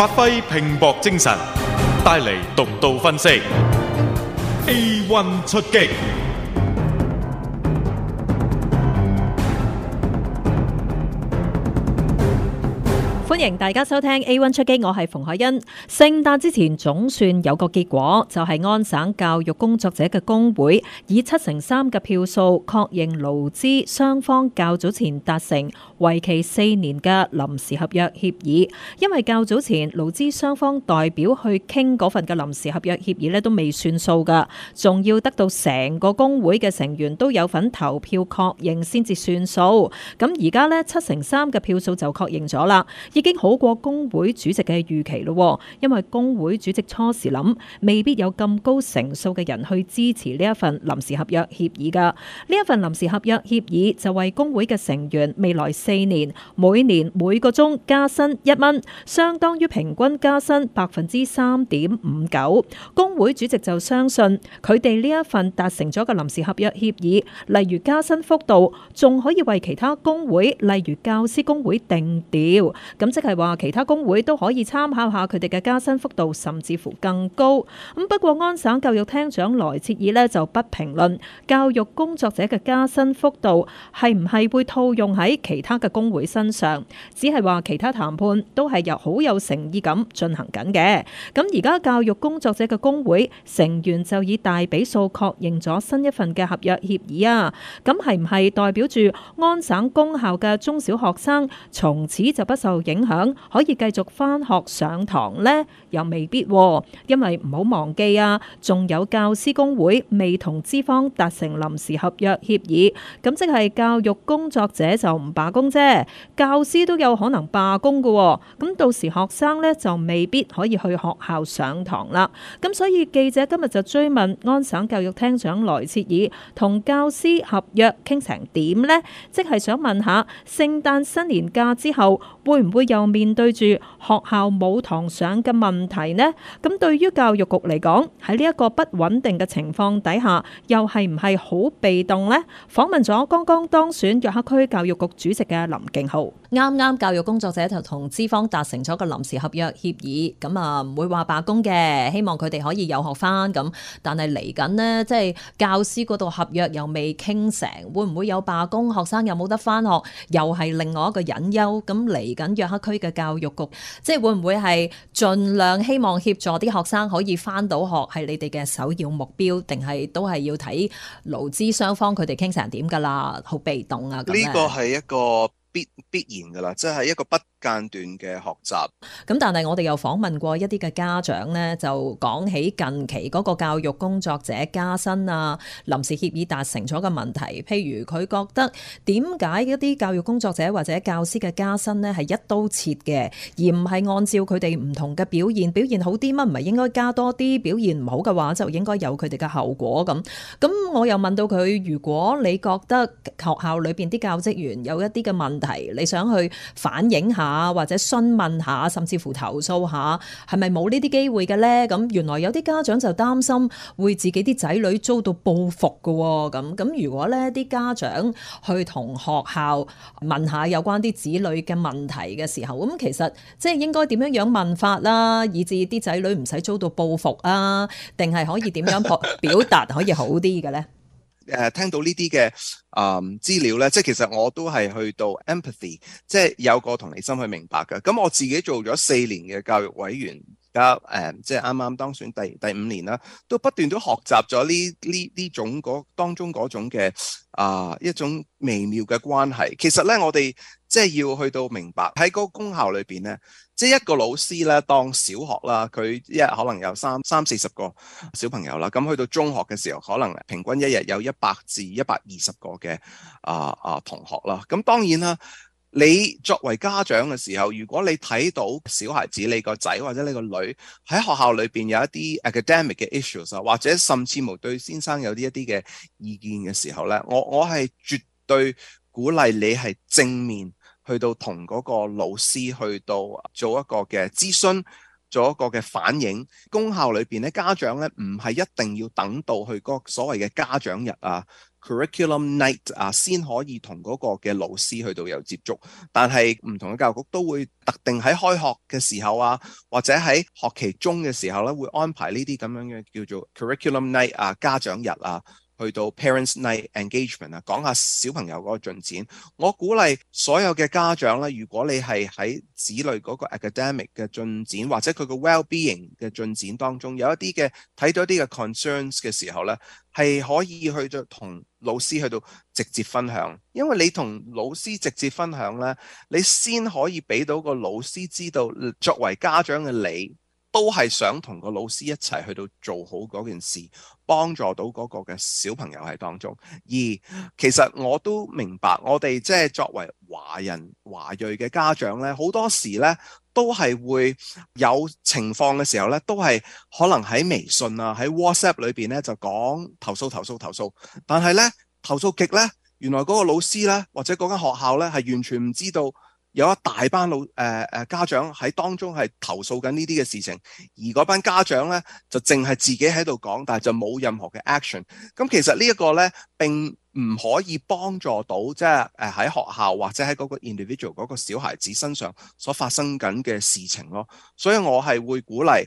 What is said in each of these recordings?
發揮拼搏精神，帶嚟獨到分析。A one 出擊，歡迎大家收聽 A one 出擊，我係馮海恩。聖誕之前總算有個結果，就係、是、安省教育工作者嘅工會以七成三嘅票數確認勞資雙方較早前達成。為期四年嘅臨時合約協議，因為較早前勞資雙方代表去傾嗰份嘅臨時合約協議咧，都未算數噶，仲要得到成個工會嘅成員都有份投票確認先至算數。咁而家咧，七成三嘅票數就確認咗啦，已經好過工會主席嘅預期咯，因為工會主席初時諗未必有咁高成數嘅人去支持呢一份臨時合約協議噶。呢一份臨時合約協議就為工會嘅成員未來，四年，每年每個鐘加薪一蚊，相當於平均加薪百分之三點五九。工會主席就相信佢哋呢一份達成咗嘅臨時合約協議，例如加薪幅度，仲可以為其他工會例如教師工會定調，咁即係話其他工會都可以參考下佢哋嘅加薪幅度，甚至乎更高。咁不過安省教育廳長萊切爾咧就不評論教育工作者嘅加薪幅度係唔係會套用喺其他。嘅工會身上，只係話其他談判都係由好有誠意咁進行緊嘅。咁而家教育工作者嘅工會成員就以大比數確認咗新一份嘅合約協議啊。咁係唔係代表住安省公校嘅中小學生從此就不受影響，可以繼續翻學上堂咧？又未必啊，因為唔好忘記啊，仲有教師工會未同資方達成臨時合約協議，咁即係教育工作者就唔罷工。啫，教師都有可能罷工嘅，咁到時學生咧就未必可以去學校上堂啦。咁所以記者今日就追問安省教育廳長萊切爾同教師合約傾成點咧？即係想問下聖誕新年假之後會唔會又面對住學校冇堂上嘅問題呢？咁對於教育局嚟講，喺呢一個不穩定嘅情況底下，又係唔係好被動咧？訪問咗剛剛當選約克區教育局主席嘅。林敬浩。啱啱教育工作者就同資方達成咗個臨時合約協議，咁啊唔會話罷工嘅，希望佢哋可以有學翻咁。但係嚟緊呢，即係教師嗰度合約又未傾成，會唔會有罷工？學生又冇得翻學？又係另外一個隱憂。咁嚟緊約克區嘅教育局，即係會唔會係盡量希望協助啲學生可以翻到學？係你哋嘅首要目標，定係都係要睇勞資雙方佢哋傾成點噶啦？好被動啊！咁呢個係一個。必必然噶啦，即係一個不間斷嘅學習，咁但係我哋又訪問過一啲嘅家長呢，就講起近期嗰個教育工作者加薪啊，臨時協議達成咗嘅問題。譬如佢覺得點解一啲教育工作者或者教師嘅加薪呢係一刀切嘅，而唔係按照佢哋唔同嘅表現，表現好啲乜唔係應該加多啲。表現唔好嘅話，就應該有佢哋嘅後果咁。咁我又問到佢，如果你覺得學校裏邊啲教職員有一啲嘅問題，你想去反映下，啊，或者詢問下，甚至乎投訴下，係咪冇呢啲機會嘅咧？咁原來有啲家長就擔心會自己啲仔女遭到報復嘅，哦，咁咁如果咧，啲家長去同學校問下有關啲子女嘅問題嘅時候，咁其實即係應該點樣樣問法啦，以至啲仔女唔使遭到報復啊，定係可以點樣表表達可以好啲嘅咧？誒聽到呢啲嘅誒資料咧，即係其實我都係去到 empathy，即係有個同理心去明白嘅。咁我自己做咗四年嘅教育委員。而家誒，即係啱啱當選第第五年啦，都不斷都學習咗呢呢呢種嗰當中嗰種嘅啊、呃、一種微妙嘅關係。其實呢，我哋即係要去到明白喺嗰公校裏邊呢，即係一個老師呢，當小學啦，佢一日可能有三三四十個小朋友啦。咁去到中學嘅時候，可能平均一日有一百至一百二十個嘅啊啊同學啦。咁當然啦。你作為家長嘅時候，如果你睇到小孩子你個仔或者你個女喺學校裏邊有一啲 academic 嘅 issues 啊，或者甚至乎對先生有啲一啲嘅意見嘅時候呢，我我係絕對鼓勵你係正面去到同嗰個老師去到做一個嘅諮詢，做一個嘅反映。公校裏邊咧，家長呢唔係一定要等到去嗰個所謂嘅家長日啊，Curriculum night 啊，先可以同嗰個嘅老師去到有接觸，但係唔同嘅教育局都會特定喺開學嘅時候啊，或者喺學期中嘅時候咧、啊，會安排呢啲咁樣嘅叫做 Curriculum Night 啊，家長日啊。去到 Parents Night Engagement 啊，講下小朋友嗰個進展。我鼓勵所有嘅家長咧，如果你係喺子女嗰個 academic 嘅進展，或者佢個 well-being 嘅進展當中，有一啲嘅睇到一啲嘅 concerns 嘅時候咧，係可以去到同老師去到直接分享，因為你同老師直接分享咧，你先可以俾到個老師知道作為家長嘅你。都係想同個老師一齊去到做好嗰件事，幫助到嗰個嘅小朋友喺當中。而其實我都明白，我哋即係作為華人華裔嘅家長呢，好多時呢都係會有情況嘅時候呢，都係可能喺微信啊喺 WhatsApp 裏邊呢就講投訴投訴投訴。但係呢，「投訴極」呢，原來嗰個老師呢，或者嗰間學校呢，係完全唔知道。有一大班老誒誒、呃、家長喺當中係投訴緊呢啲嘅事情，而嗰班家長咧就淨係自己喺度講，但係就冇任何嘅 action。咁其實呢一個咧並唔可以幫助到即係誒喺學校或者喺嗰個 individual 嗰個小孩子身上所發生緊嘅事情咯。所以我係會鼓勵。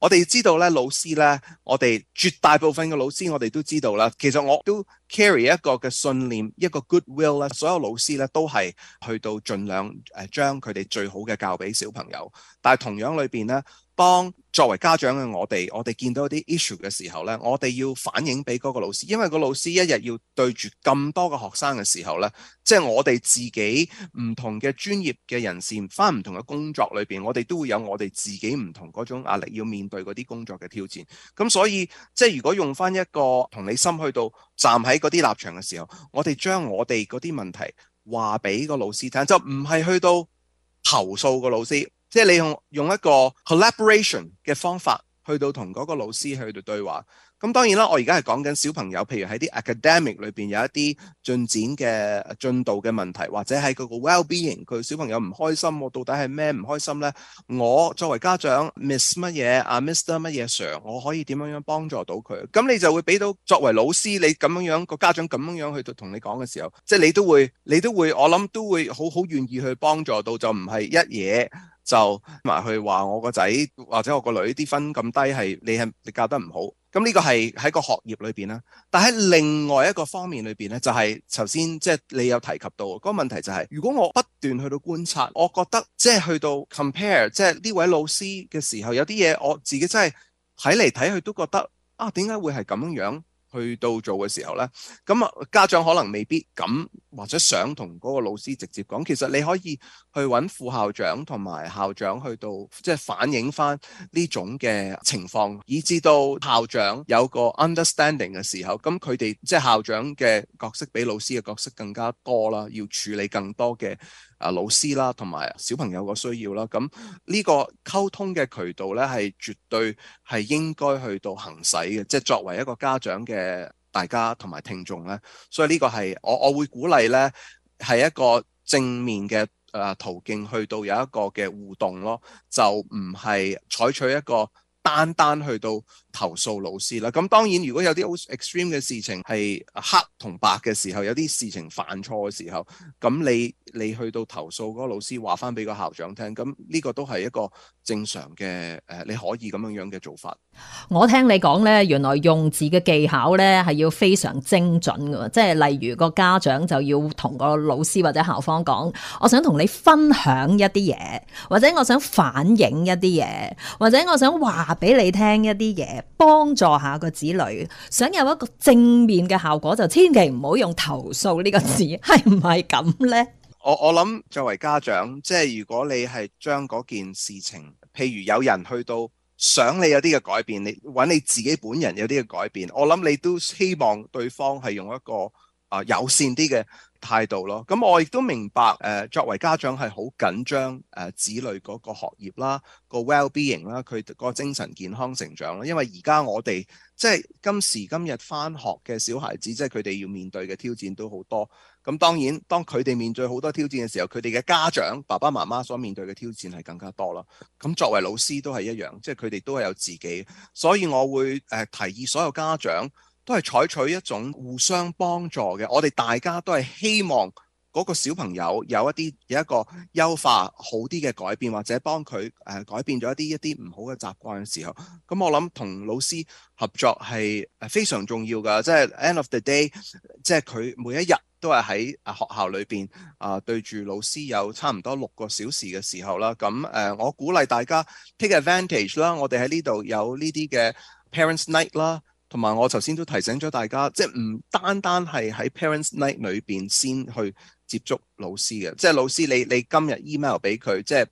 我哋知道咧，老師咧，我哋絕大部分嘅老師，我哋都知道啦。其實我都 carry 一個嘅信念，一個 goodwill 咧。所有老師咧，都係去到盡量誒，將佢哋最好嘅教俾小朋友。但係同樣裏邊咧。當作為家長嘅我哋，我哋見到啲 issue 嘅時候呢，我哋要反映俾嗰個老師，因為個老師一日要對住咁多個學生嘅時候呢，即係我哋自己唔同嘅專業嘅人士，翻唔同嘅工作裏邊，我哋都會有我哋自己唔同嗰種壓力，要面對嗰啲工作嘅挑戰。咁所以即係如果用翻一個同理心去到站喺嗰啲立場嘅時候，我哋將我哋嗰啲問題話俾個老師聽，就唔係去到投訴個老師。即係你用用一個 collaboration 嘅方法去到同嗰個老師去到對話。咁當然啦，我而家係講緊小朋友，譬如喺啲 academic 裏邊有一啲進展嘅進度嘅問題，或者係佢個 wellbeing，佢小朋友唔開心，我到底係咩唔開心呢？我作為家長 miss 乜嘢啊？Mister 乜嘢嘗？Sir，我可以點樣樣幫助到佢？咁你就會俾到作為老師，你咁樣樣個家長咁樣樣去到同你講嘅時候，即係你都會你都會我諗都會好好願意去幫助到就，就唔係一嘢。就埋去話我個仔或者我個女啲分咁低，係你係你教得唔好，咁呢個係喺個學業裏邊啦。但喺另外一個方面裏邊咧，就係頭先即係你有提及到個問題，就係如果我不斷去到觀察，我覺得即係去到 compare 即係呢位老師嘅時候，有啲嘢我自己真係睇嚟睇去都覺得啊，點解會係咁樣樣？去到做嘅時候呢，咁啊家長可能未必敢或者想同嗰個老師直接講，其實你可以去揾副校長同埋校長去到即係、就是、反映翻呢種嘅情況，以至到校長有個 understanding 嘅時候，咁佢哋即係校長嘅角色比老師嘅角色更加多啦，要處理更多嘅。啊老師啦，同埋小朋友嘅需要啦，咁呢個溝通嘅渠道呢，係絕對係應該去到行使嘅，即係作為一個家長嘅大家同埋聽眾呢，所以呢個係我我會鼓勵呢，係一個正面嘅誒、啊、途徑去到有一個嘅互動咯，就唔係採取一個單單去到投訴老師啦，咁當然如果有啲 extreme 嘅事情係黑同白嘅時候，有啲事情犯錯嘅時候，咁你你去到投訴嗰個老師話翻俾個校長聽，咁呢個都係一個正常嘅誒，你可以咁樣樣嘅做法。我聽你講呢，原來用字嘅技巧呢係要非常精準㗎，即係例如個家長就要同個老師或者校方講，我想同你分享一啲嘢，或者我想反映一啲嘢，或者我想話，話俾你聽一啲嘢，幫助下個子女，想有一個正面嘅效果，就千祈唔好用投訴呢個字，係唔係咁呢？我我諗作為家長，即係如果你係將嗰件事情，譬如有人去到想你有啲嘅改變，你揾你自己本人有啲嘅改變，我諗你都希望對方係用一個啊、呃、友善啲嘅。態度咯，咁我亦都明白誒、呃，作為家長係好緊張誒，子女嗰個學業啦、啊，個 well-being 啦、啊，佢個精神健康成長啦，因為而家我哋即係今時今日返學嘅小孩子，即係佢哋要面對嘅挑戰都好多。咁當然，當佢哋面對好多挑戰嘅時候，佢哋嘅家長、爸爸媽媽所面對嘅挑戰係更加多咯。咁、啊、作為老師都係一樣，即係佢哋都係有自己，所以我會誒、呃、提議所有家長。都係採取一種互相幫助嘅，我哋大家都係希望嗰個小朋友有一啲有一個優化好啲嘅改變，或者幫佢誒、呃、改變咗一啲一啲唔好嘅習慣嘅時候，咁、嗯、我諗同老師合作係誒非常重要㗎，即、就、係、是、end of the day，即係佢每一日都係喺啊學校裏邊啊對住老師有差唔多六個小時嘅時候啦，咁、嗯、誒、呃、我鼓勵大家 take advantage 啦，我哋喺呢度有呢啲嘅 parents night 啦。同埋我頭先都提醒咗大家，即係唔單單係喺 Parents Night 裏邊先去接觸老師嘅，即係老師你你今日 email 俾佢，即係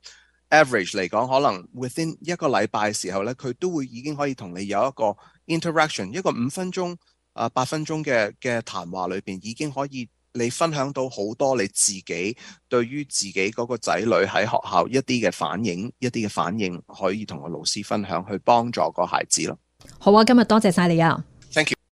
average 嚟講，可能 within 一個禮拜嘅時候咧，佢都會已經可以同你有一個 interaction，一個五分鐘啊八分鐘嘅嘅談話裏邊，已經可以你分享到好多你自己對於自己嗰個仔女喺學校一啲嘅反應，一啲嘅反應可以同個老師分享，去幫助個孩子咯。好啊，今日多謝晒你啊！